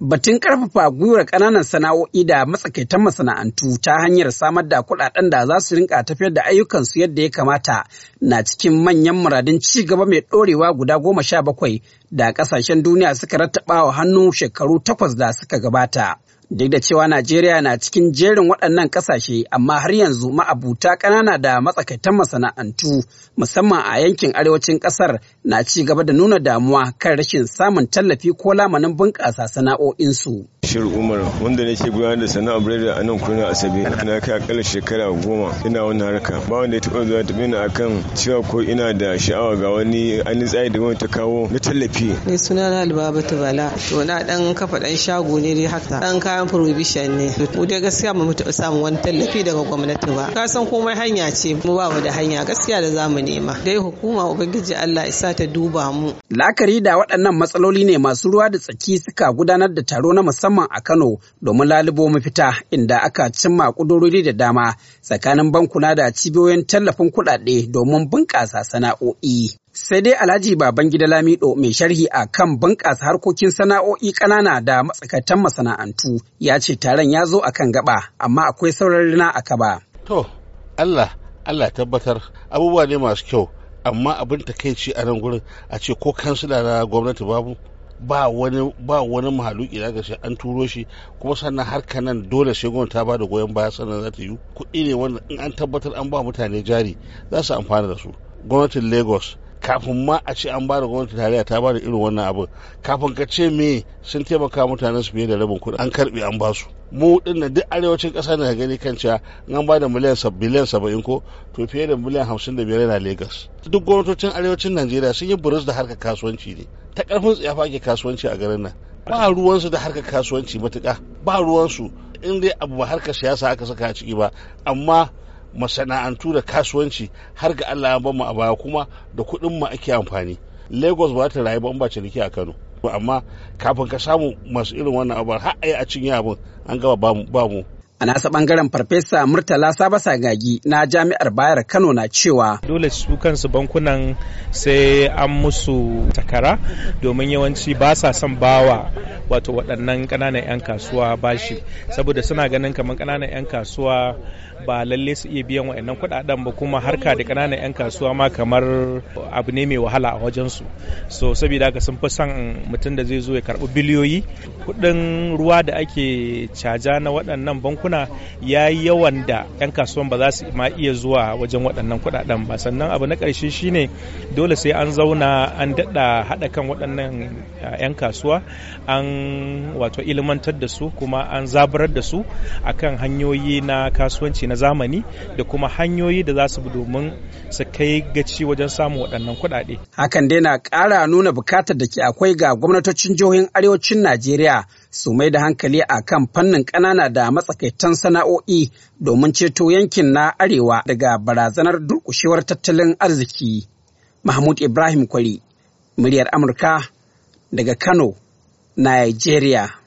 Batun karfafa gwiwar ƙananan sana'o'i da matsakaitan masana'antu ta hanyar samar da kuɗaɗen da za su rinka tafiyar da ayyukansu yadda ya kamata na cikin manyan muradin ci gaba mai ɗorewa guda goma sha bakwai da ƙasashen duniya suka rattaba wa hannu shekaru takwas da suka gabata. Duk da cewa Najeriya na cikin jerin waɗannan ƙasashe, amma har yanzu ma'abuta ƙanana da matsakaitan masana'antu musamman a yankin arewacin ƙasar na ci gaba da nuna damuwa kan rashin samun tallafi ko lamanin bunƙasa sana'o'insu. Bashir Umar wanda nake gudanar da sana'ar biredi a nan kuna Asabe na kai akalla shekara goma ina wannan harka ba wanda ya taɓa zuwa taɓa a kan cewa ko ina da sha'awa ga wani an tsaye da wani ta kawo na tallafi. Ni suna na Alibaba Bala to na ɗan kafa ɗan shago ne dai haka Ɗan kayan provision ne mu dai gaskiya mu taɓa samun wani tallafi daga gwamnati ba ka san komai hanya ce mu ba mu da hanya gaskiya da za mu nema dai hukuma ubangiji Allah isa ta duba mu. La'akari da waɗannan matsaloli ne masu ruwa da tsaki suka gudanar da taro na musamman musamman a Kano domin lalubo mafita inda aka cimma ƙudurori da dama tsakanin bankuna da cibiyoyin tallafin kuɗaɗe domin bunƙasa sana'o'i. Sai dai Alhaji Babangida Lamido mai sharhi a kan bunƙasa harkokin sana'o'i ƙanana da matsakaitan masana'antu ya ce taron ya zo a kan gaba amma akwai sauran rina a kaba. To, Allah, Allah tabbatar abubuwa ne masu kyau amma abin takaici a nan gurin a ce ko kansila na gwamnati babu ba wani ba wani mahaluki zaka sai an turo shi kuma sannan harka nan dole sai gwamnati ta bada goyon baya sannan za ta yi kuɗi ne wanda in an tabbatar an ba mutane jari za su amfana da su gwamnatin lagos kafin ma a ce an ba da gwamnati tarayya ta ba da irin wannan abin kafin ka ce me sun taimaka mutanen su fiye da rabin kuɗi an karbe an ba su mu din duk arewacin ƙasa na gani kan cewa an ba da miliyan biliyan saba'in ko to fiye da miliyan hamsin da biyar na Legas duk gwamnatocin arewacin Najeriya sun yi burus da harkar kasuwanci ne ta karfin tsiyafa ake kasuwanci a garin nan ba ruwansu da harkar kasuwanci matuka. ba ruwansu in dai abu ba harkar siyasa aka saka a ciki ba amma masana'antu da kasuwanci har ga Allah ya bamu a baya kuma da kuɗin mu ake amfani Lagos ba ta rayu ba ba ciniki a Kano amma kafin ka samu masu irin wannan abu har a yi a cinye abin an gaba ba mu A nasa bangaren Farfesa Murtala Sabasa Gagi na Jami'ar Bayar Kano na cewa. Dole su kansu bankunan sai an musu takara domin yawanci ba sa son bawa wato waɗannan ƙananan 'yan kasuwa bashi saboda suna ganin kamar ƙananan 'yan kasuwa ba lalle su iya biyan waɗannan kuɗaɗen ba kuma harka da ƙananan 'yan kasuwa ma kamar abu ne mai wahala a wajensu so saboda haka sun fi son mutum da zai zo ya karɓi biliyoyi kuɗin ruwa da ake caja na waɗannan bankuna bankuna ya yi yawan da 'yan kasuwan ba za su ma iya zuwa wajen waɗannan kuɗaɗen ba sannan abu na ƙarshe shine dole sai an zauna an daɗa haɗa kan waɗannan 'yan eh, kasuwa an wato ilimantar da su kuma an zabarar da su akan hanyoyi na kasuwanci na zamani da kuma hanyoyi da za su bi domin su kai gaci wajen samun waɗannan kuɗaɗe. Hakan dai na ƙara nuna bukatar da ke akwai ga gwamnatocin jihohin arewacin Najeriya su mai da hankali a kan fannin ƙanana da matsakaitan sana'o'i domin ceto yankin na arewa daga barazanar durƙushewar tattalin arziki. Mahmud Ibrahim Kwari, muryar Amurka daga Kano, Nigeria.